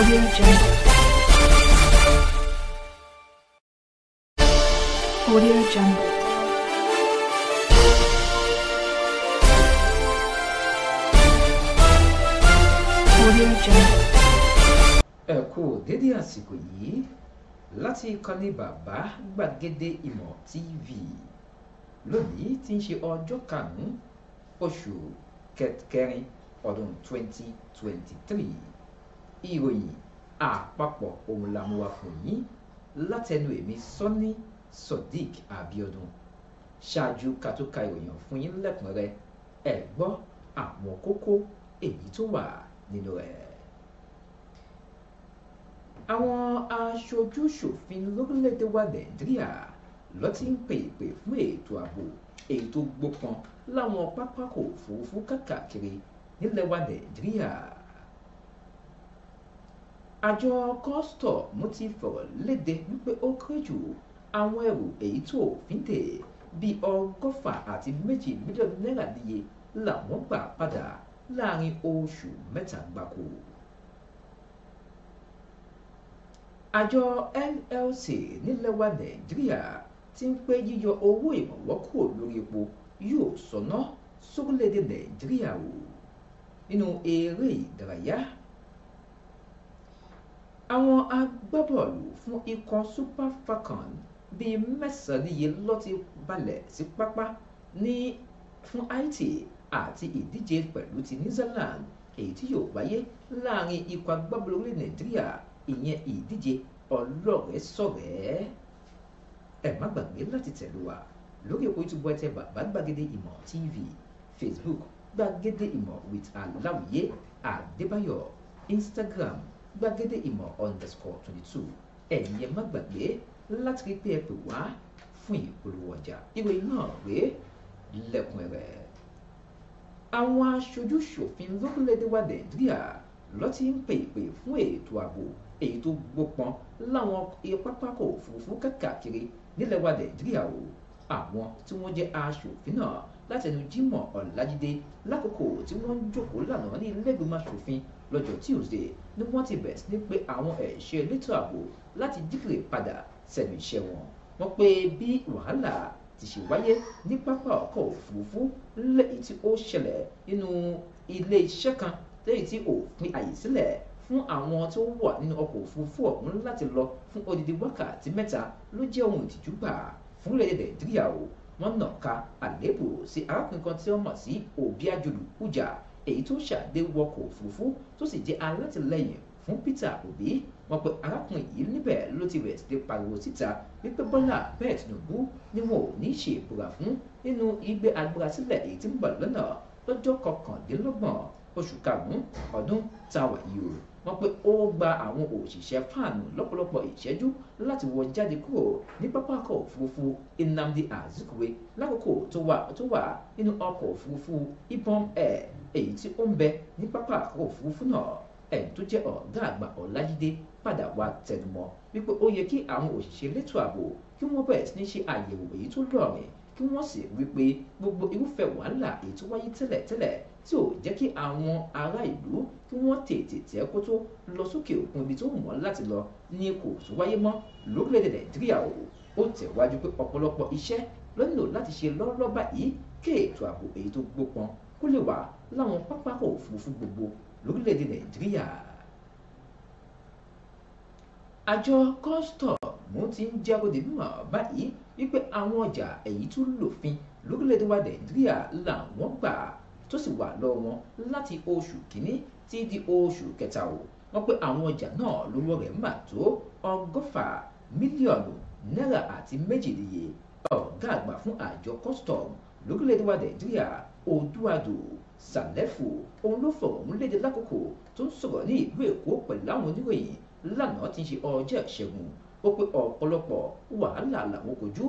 Audio Jungle. Audio Jungle. Audio Jungle. Ẹ kú dédé àsìkò yìí láti ìkànnì bàbá gbàgede ìmọ̀ TV lónìí tí ń ṣe ọjọ́ karùn-ún oṣù kẹrin ọdún twenty twenty three ìròyìn àpapọ̀ òun la mú wá fún yín látẹnu èmi sọ́ní sodiq abiodun ṣáájú ká tó ka ìròyìn fún yín lẹ́kùnrẹ́rẹ́ ẹ gbọ́ àwọn kókó èyí tó wà nínú rẹ̀. àwọn aṣojú ṣòfin lórílẹ̀‐èdè wa nàìjíríà ló ti ń pè pè fún ètò ààbò èyí tó gbópọn láwọn pápákọ̀ òfurufú káàkiri nílẹ̀ wa nàìjíríà àjọ kọ́sítọ̀ mú ti fọ̀rọ̀ léde wípé ó kéré jù àwọn ẹrù èyí tó òfin dè bíi ọgọ́fà àti méjì mílíọ̀nù náírà níye làwọn gbà padà láàrin oṣù mẹ́ta gbáko. àjọ NLC nílẹ̀ wa Nàìjíríà ti ń pé yíyọ owó ìrànwọ́ kúrò lórí epo yóò sọ̀nà sórílẹ̀-èdè Nàìjíríà o nínú eré ìdárayá agbábọ́ọ̀lù fún ikọ̀ Super Falcons bíi mẹ́sàn-án níye ló ti balẹ̀ sí pápá ní fún Haiti àti ìdíje pẹ̀lú ti New Zealand èyí tí yóò wáyé láàrin ikọ̀ agbábọ́ọ̀lù orílẹ̀ Nàìjíríà ìyẹn ìdíje ọlọ́rẹ̀ẹ́ sọ̀rẹ́ ẹ má gbàgbé láti tẹ̀lé wa lórí èpo YouTube ẹ bàbá gbàgede ìmọ̀ TV Facebook gbàgede ìmọ̀ with aláwìyé àdébáyọ̀ Instagram gbàgede ìmọ̀ underscore twenty two ẹ̀yin ẹ má gbàgbé láti rí pé ẹ pè wá fún ìpolówó ọjà ìwé náà rè lẹ́kùnrẹ́rẹ́. àwọn aṣojú ṣòfin lórílẹ̀‐èdè wa nàìjíríà ló ti ń pè pè fún ètò ààbò èyí tó gbópọn láwọn pápákọ̀ òfurufú káàkiri nílẹ̀ wa nàìjíríà o àwọn tí wọ́n jẹ́ aṣòfin náà látẹnu Jímọ̀ Ọlájídé lákòókò tí wọ́n ń jókòó lánàá ní ilé ìgbìmọ̀ aṣòfin lọ́jọ́ Tuesday ni wọ́n ti bẹ̀rẹ̀ sí ní pé àwọn ẹ̀ṣẹ́ elétò ààbò láti jíkìrì padà sẹ́nu iṣẹ́ wọn wọ́n pé bí wàhálà ti ṣe wáyé ní pápá ọkọ̀ òfurufú lẹ́yìn tí ó ṣẹlẹ̀ nínú ilé iṣẹ́ kan lẹ́yìn tí òfin àyè sílẹ̀ fún àwọn tó wà nínú ọkọ̀ òfurufú ọ̀hún láti lọ fún odidi wákàtí mẹ́ta ló jẹ́ ohun ìtìjú gbà fún orílẹ̀-èdè Nàìjíríà o wọ́n nàka àlébù sí arákùnrin kan tí wọ́n mọ̀ sí Obiajulu Uja èyí tó ṣàdé wọkọ̀ òfurufú tó sì jẹ́ alátìlẹyìn fún Peter Obi wọ́n pe arákùnrin yìí níbẹ̀ ló ti bẹ̀rẹ̀ sí pariwo síta wípé Bọ́lá bẹ́ẹ̀ Tinubu ni wọn ò ní ṣe ìbúra fún nínú igbe agbára sílẹ̀ èyí tí ń bọ̀ lọ́nà lọ́jọ́ kọkàndínlọ́gbọ̀n oṣù karùn-ún ọdún táwa yìí o wọ́n pé ó gba àwọn òṣìṣẹ́ fáànù lọ́pọ̀lọpọ̀ ìṣẹ́jú láti wọ jáde kúrò ní pápákọ̀ òfurufú Nnamdi Azikiwe lákòókò tó wà tó wà nínú ọkọ̀ òfurufú Ibom Air èyí tí ó ń bẹ ní pápákọ̀ òfurufú náà ẹni tó jẹ́ ọ̀gá àgbà Ọlájídé padà wá tẹnumọ́ wípé ó yẹ kí àwọn òṣìṣẹ́ elétò ààbò kí wọ́n bẹ̀rẹ̀ sí ní ṣe àyẹ̀wò èyí tó lọ́ọ̀rìn kí wọ́n sì wí pé gbogbo irúfẹ́ wàhálà èyí tó wáyé tẹ́lẹ̀tẹ́lẹ̀ tí ò jẹ́ kí àwọn ará ìlú kí wọ́n tètè tẹ́ kó tó lọ sókè òkun ibi tó mọ̀ láti lọ ní kò tó wáyé mọ́ lórílẹ̀‐èdè nàìjíríà o ó tẹ̀wájú pé ọ̀pọ̀lọpọ̀ iṣẹ́ lọ́nà láti ṣe lọ́rọ́ báyìí kí ètò ààbò èyí tó gbópọn kó lè wà láwọn pápákọ̀ òfurufú gbogbo lórílẹ̀‐èdè nàìjíríà òun ti ń jẹ́ kó di báyìí wípé àwọn ọjà èyí tó lòfin lórílẹ̀‐èdè wa nàìjíríà làwọn gbà tó sì wà lọ́wọ́ wọn láti oṣù kìíní tí di oṣù kẹta o wọ́n pé àwọn ọjà náà lówó rẹ̀ mà tó ọgọ́fà mílíọ̀nù náírà àti méjìléye ọ̀gá àgbà fún àjọ custom lórílẹ̀‐èdè wa nàìjíríà odúadò sàlẹ́fù òun ló fọ̀rọ̀ òun léde lákòókò tó ń sọ̀rọ̀ ní ìlú èkó pẹ̀lú àwọn oníròyìn lánàá ti ń ṣe ọjọ́ ìṣẹ́gun ó pé ọ̀pọ̀lọpọ̀ wàhálà làwọn kojú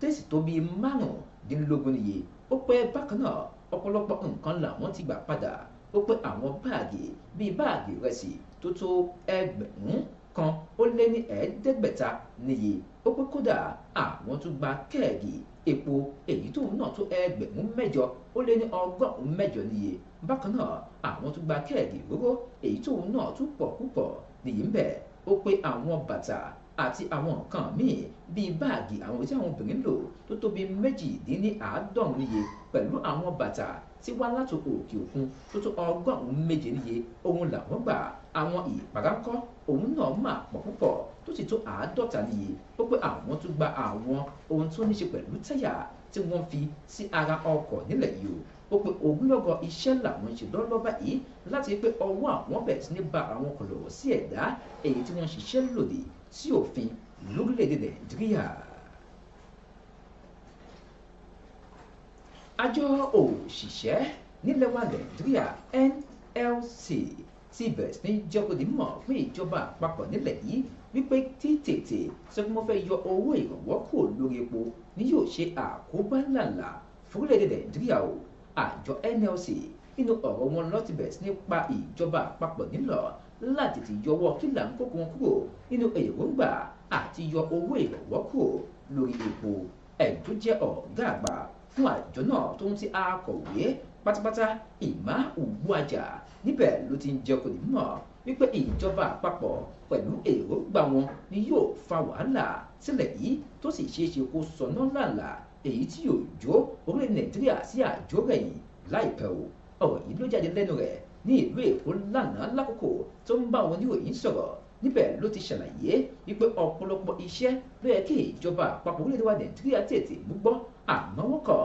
tẹ̀sí tó bíi márùndínlógún níye ó pé bákan náà ọ̀pọ̀lọpọ̀ nǹkan làwọn ti gbà padà ó pé àwọn báàgì bíi báàgì ìrẹsì tó tó ẹgbẹ̀rún kan ó lé ní ẹ̀ẹ́dẹ́gbẹ̀ta níye ó pé kódà àwọn tún gba kẹ́ẹ̀gì epo èyí tóun náà tó ẹgbẹ̀rún mẹ́jọ ó lé ní ọgọ́rùn-ún mẹ́jọ níye bákan náà àwọn tún gba kẹ́ẹ̀gì òróró èyí tóun náà tún pọ̀ púpọ̀ níyì ń bẹ̀ ó pé àwọn bàtà àti àwọn nǹkan míì bíi báàgì àwọn tí àwọn obìnrin lò tó tóbi méjìdínláàádọ́rùn níye pẹ̀lú àwọn bàtà tí wá láti òkè òkun tó tó ọgọ́rùn-ún méje níye òun làwọn gbà àwọn ìparákọ́ òun náà mà pọ̀ púpọ̀ tó sì tó àádọ́ta níye ó pé àwọn tó gba àwọn ohun tó ní ṣe pẹ̀lú táyà tí wọ́n fi sí ara ọkọ̀ nílẹ̀ yìí ó pé ogunlọ́gọ̀ iṣẹ́ làwọn ń ṣe lọ́lọ́ báyìí láti pé ọwọ́ àwọn bẹ̀rẹ̀ sí ní ba àwọn kọlọ̀wọ̀ sí ẹ̀dá èyí tí wọ́n ṣiṣẹ́ lòdì sí òfin lórílẹ̀‐èdè nàìjíríà. àjọ òṣìṣẹ́ nílẹ̀ wa nàìjíríà NLC ti bẹ̀rẹ̀ sí ní jẹ́kọ̀ọ́ di mọ̀ fún ìjọba àpapọ̀ nílẹ̀ yìí wípé tí tètè sọ pé wọ́n fẹ́ yọ owó ìrànwọ́ kúrò lórí epo ni yóò ṣe àkóbá ńláńlá fúrílẹ̀-èdè nàìjíríà o àjọ NLC nínú ọ̀rọ̀ wọn ló ti bẹ̀rẹ̀ sí ní pa ìjọba àpapọ̀ nílọ̀ láti ti yọwọ́ kílà ń kókó wọn kúrò nínú èròǹgbà àti yọ owó ìrànwọ́ kúrò lórí epo ẹni jẹ́ ọ̀gá àgbà fún àjọ náà tó ń ti akọ̀wé pátápátá ìmá ògbóàjà níbẹ̀ ló ti ń jẹ́ kò ní mọ̀ wípé ìjọba àpapọ̀ pẹ̀lú èròǹgbà wọn ni yóò fa wàhálà sílẹ̀ yìí tó sì ṣeé ṣe kó sọnà làlà èyí tí yóò jó orílẹ̀ nàìjíríà sí àjò rẹ̀ yìí láìpẹ́ o ọ̀rọ̀ yìí ló jáde lẹ́nu rẹ̀ ní ìlú èkó lánàá lákòókò tó ń bá àwọn oníròyìn sọ̀rọ̀ níbẹ̀ ló ti ṣàlàyé wípé ọ̀pọ̀lọpọ̀ iṣẹ́ ló yẹ kí ìjọba àpapọ̀ orílẹ̀-èdè wa nàìjíríà tètè mú gbọ́ àmọ́ wọ́n kọ̀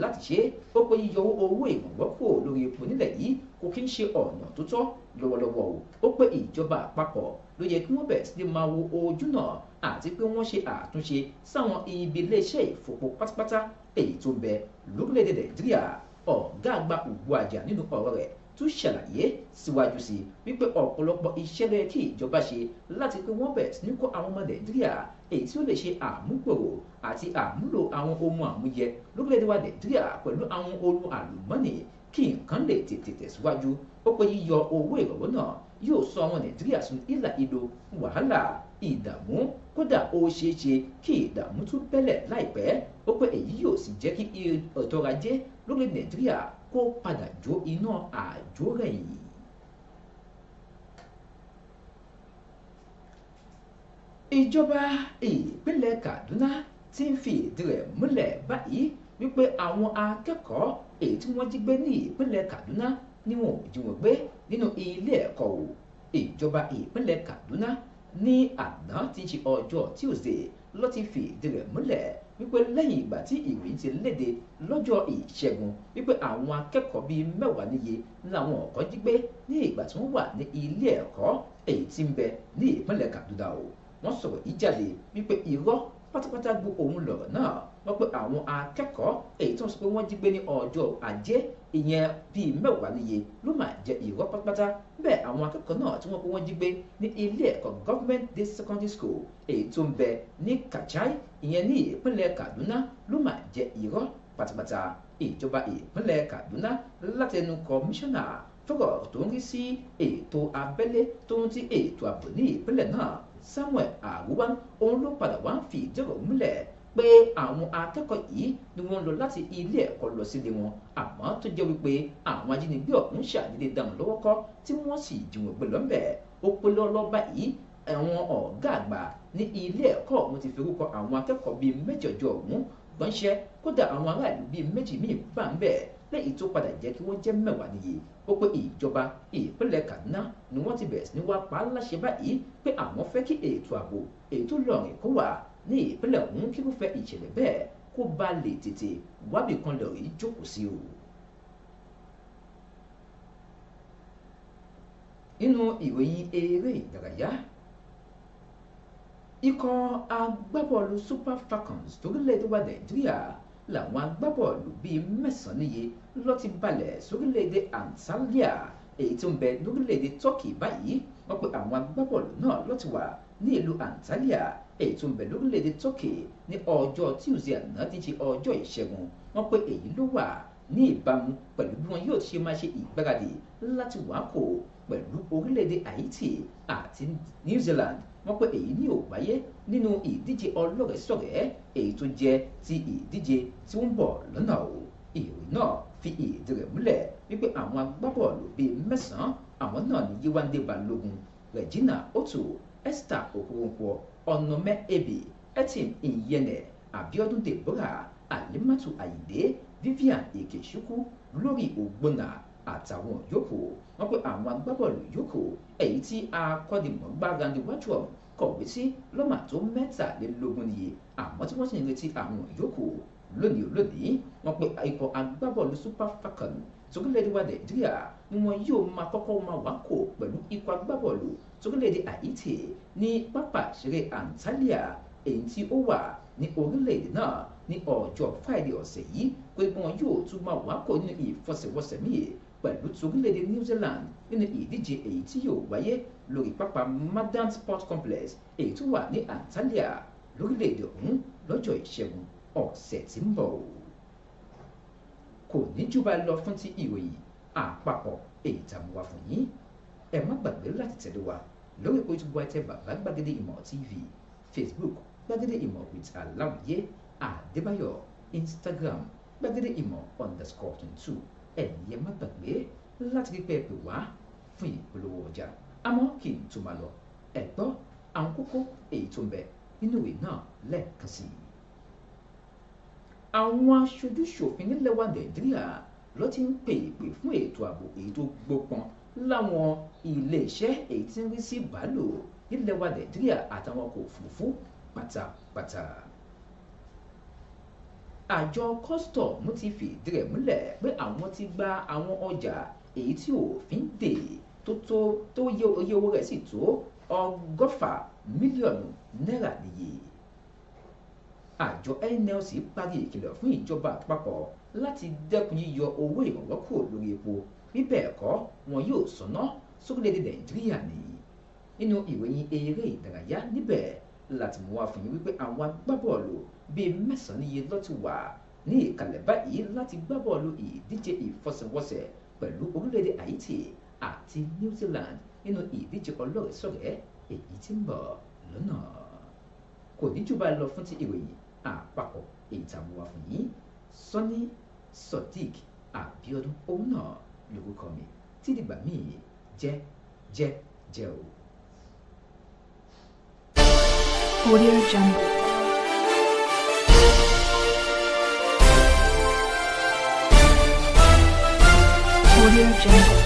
láti ṣe ó pé yíyọ owó ìrànwọ́ kúrò lórí epo nílẹ̀ yìí kò kí ń ṣe ọ̀nà tó tọ́ lọ́wọ́lọ́wọ́ o ó pé ìjọba àpapọ̀ ló yẹ kí wọ́n bẹ̀rẹ̀ sí ní máa wo ojúnà àti pé wọ́n ṣe àtúnṣe sáwọn ibi iléeṣẹ́ ìfòpò pátápátá èyí tó ń bẹ lórílẹ̀‐èdè nàìjíríà ọ̀gá àgbà Ugboaja nínú ọ̀rọ̀ rẹ̀ tún ṣàlàyé síwájú sí i wípé ọ̀pọ̀lọpọ̀ iṣẹ́ ló yẹ ìjọba ṣe láti pé wọ́n bẹ̀rẹ̀ sí ní kó àwọn ọmọ nàìjíríà èyí tí ó lè ṣe àmúgbòrò àti àmúlò àwọn ohun àmúyẹ lórílẹ̀ wa nàìjíríà pẹ̀lú àwọn ohun àlùmọ́nì kí nǹkan lè tètè tẹ̀síwájú ó pé yíyọ owó ìrànwọ́ náà yóò sọ àwọn nàìjíríà sun ìlà ìlò wàhálà ìdààmú kódà ó ṣeé ṣe kí ìdààmú tún bẹ́lẹ̀ láìpẹ́ ó pé èyí yóò sì jẹ́ kí ọ̀tọ̀ ajé lórí nàìjíríà kó padà jó iná àjórẹ̀yìn. ìjọba ìpínlẹ̀ Kaduna ti ń fi ìdí rẹ̀ múlẹ̀ báyìí wípé àwọn akẹ́kọ̀ọ́ èyí tí wọ́n jí gbé ní ìpínlẹ̀ Kaduna ni wọn ò jí wọn gbé nínú ilé ẹ̀kọ́ o ìjọba ìpínlẹ̀ Kaduna ní àná tí í ṣe ọjọ́ Tuesday ló ti fi ìdí rẹ̀ múlẹ̀ wípé lẹ́yìn ìgbà tí ìròyìn ti léde lọ́jọ́ ìṣẹ́gun wípé àwọn akẹ́kọ̀ọ́ bíi mẹ́wàá níye làwọn ọ̀kọ́ jí gbé ní ìgbà tí wọ́n wà ní ilé ẹ̀kọ́ èyí tí ń bẹ ní ìpínlẹ̀ Kaduna o wọ́n sọ̀rọ̀ yìí jáde wípé irọ́ pátápátá gbó òun lọ̀rọ̀ náà wọ́n pé àwọn akẹ́kọ̀ọ́ èyí tó ń sọ pé wọ́n jí gbé ní ọjọ́ ajé ìyẹn bíi mẹ́wàá níye ló máa jẹ ìrọ́ pátápátá bẹ́ẹ̀ àwọn akẹ́kọ̀ọ́ náà tí wọ́n pé wọ́n jí gbé ní ilé ẹ̀kọ́ government day secondary school èyí tó ń bẹ ní Kachai ìyẹn ní ìpínlẹ̀ Kaduna ló máa jẹ ìrọ́ pátápátá ìjọba ìpínlẹ̀ Kaduna látẹnu kọmíṣánná fọ́rọ̀ tó ń rí sí ètò abẹ́lé tó ń ti ètò ààbò ní ìpínlẹ̀ náà Samuel Aruwa òun ló padà wá ń fi ìjọ́rò múlẹ̀ pé àwọn akẹ́kọ̀ọ́ yìí ni wọ́n lọ láti ilé ẹ̀kọ́ lọ sílé wọn àmọ́ tó jẹ́ wípé àwọn ajínigbé ọ̀hún ṣàdédé dá lọ́wọ́ kọ́ tí wọ́n sì jí wọn lọ́nbẹ̀ ó pé lọ́lọ́ báyìí àwọn ọ̀gá àgbà ní ilé ẹ̀kọ́ ọ̀hún ti fi orúkọ àwọn akẹ́kọ̀ọ́ bíi mẹ́jọ̀jọ ọ̀hún gbọ́nṣẹ́ kódà àwọn aráàlú bíi méjì míì bá ń bẹ̀ lẹ́yìn tó padà jẹ́ kí wọ́n jẹ́ mẹ́wàá nìyí ó pé ìjọba ìpínlẹ̀ Kaduna ni wọ́n ti bẹ̀rẹ̀ sí ní wá pa á láṣẹ báyìí pé àwọn fẹ́ kí ètò ààbò ètò Ìlọrin kó wà ní ìpínlẹ̀ ọ̀hún kírúfẹ́ ìṣẹ̀lẹ̀ bẹ́ẹ̀ kó ba lè tètè wábì kan lọ rí jókòó sí o. nínú ìròyìn eré ìdárayá ikọ̀ agbábọ́ọ̀lù Super Falcons torílẹ̀-èdè wa Nàìjíríà làwọn agbábọ́ọ̀lù bíi mẹ́sàn-án níye ló ti balẹ̀ sórílẹ̀-èdè Antalya èyí tó ń bẹ lórílẹ̀-èdè Turkey báyìí wọ́n pe àwọn agbábọ́ọ̀lù náà ló ti wà ní ìlú Antalya èyí tó ń bẹ lórílẹ̀‐èdè Turkey ní ọjọ́ Tuesday àná ti ṣe ọjọ́ ìṣẹ́gun wọ́n pé èyí ló wà ní ìbámu pẹ̀lú bí wọn yóò ṣe máa ṣe ìgbáradì láti wákò pẹ̀lú orílẹ̀-èdè Haiti àti New Zealand wọ́n pé èyí ní ò nínú ìdíje ọlọ́rẹ̀ẹ́sọ̀rẹ́ èyí tó jẹ́ ti ìdíje tí ó ń bọ̀ lọ́nà o ìròyìn náà fi ìdí rẹ̀ múlẹ̀ wípé àwọn agbábọ́ọ̀lù bíi mẹ́sàn-án àwọn náà ní Yéwándé Balógun Regina Otu esther okonkwo ọ̀nàmẹ́ ebi etim ìyẹnẹ abiodun deborah alimatu ayinde vivian ikechukwu lórí ògbónà àtàwọn yòókù wọn pé àwọn agbábọ́ọ̀lù yòókù èyí tí akọ́nimọ̀gbá randy wachum kọ̀wé sí lọ́mà tó mẹ́tàlélógún nìyí àmọ́ tí wọ́n sì ń retí àwọn yòókù lónìí lónìí wọn pé ikọ̀ agbábọ́ọ̀lù super falcon sókèlédè wa nàìjíríà ni wọn yóò máa kọ́kọ́ máa wákò pẹ̀lú ikọ̀ agbábọ́ọ̀lù sórílẹ̀-èdè Haiti ní pápá ìṣeré Antalya èyí tí ó wà ní orílẹ̀-èdè náà ní ọjọ́ Friday ọ̀sẹ̀ yìí pé wọn yóò tún máa wákò nínú ìfọsẹ̀wọsẹ̀ míì pẹ̀lú torílẹ̀ New Zealand nínú ìdíje èyí tí yóò wáyé lórí pápá Madan Sport Complex èyí tó wà ní Antalya lórílẹ̀-èdè ọ̀hún lọ́jọ́ ìṣẹ́gun ọ̀sẹ̀ tí ń bọ̀ o. kò ní jù bá lọ fún ti ìròyìn àpapọ̀ èyí tá a mú wá fún yín ẹ má gbàgbé láti tẹ̀lé wa lórí ipò youtube wa bàbá gbàgede ìmọ̀ tv facebook gbàgede ìmọ̀ with aláwìyé àdébáyọ̀ instagram gbàgede ìmọ̀ underscore twenty-two ẹ̀yẹ má gbàgbé láti rí pẹ́ẹ́pẹ́ wá fún ìpolówó ọjà àmọ́ kí n tó máa lọ ẹ gbọ́ àwọn kókó èyí tó ń bẹ nínú ìwé náà lẹ́ẹ̀kan sí i. àwọn aṣojú ṣòfin nílẹ̀ wa nàìjíríà ló ti ń pè é pè fún ètò ààbò èyí tó gbópọn láwọn iléeṣẹ́ èyí tí ń rí sí bàálù nílẹ̀ wa nàìjíríà àtàwọn ọkọ̀ òfurufú pátápátá. àjọ custom ti fìdí rẹ̀ múlẹ̀ pé àwọn ti gba àwọn ọjà èyí tí òfin dè tó tó tó iye owó rẹ̀ sì tó ọgọ́fà mílíọ̀nù náírà nìyí. àjọ nlc parí ìkìlọ̀ fún ìjọba àpapọ̀ láti dẹ́kun yíyọ owó ìrànwọ́ kúrò lórí epo bí bẹ́ẹ̀ kọ́ wọn yóò sọná sókèlédè nàìjíríà ni nínú ìròyìn eré ìdárayá níbẹ̀ láti mú wá fún yín wípé àwọn agbábọ́ọ̀lù bíi mẹ́sàn-án níye ló ti wà ní ìkàlẹ̀ báyìí láti gbá ìdíje ìfọsẹ̀wọsẹ̀ pẹ̀lú orílẹ̀-èdè haiti àti new zealand nínú ìdíje ọlọ́rẹ̀ẹ́sọ̀rẹ́ èyí tí ń bọ̀ lọ́nà kò ní jù báyìí lọ fún ti ìròyìn àpapọ̀ èyí a mú wá fún yín sọ́ni sodiq àbíọ́dún òun náà you will call me. Tidi ba mi, je, je, je Audio Jungle. Audio Jungle.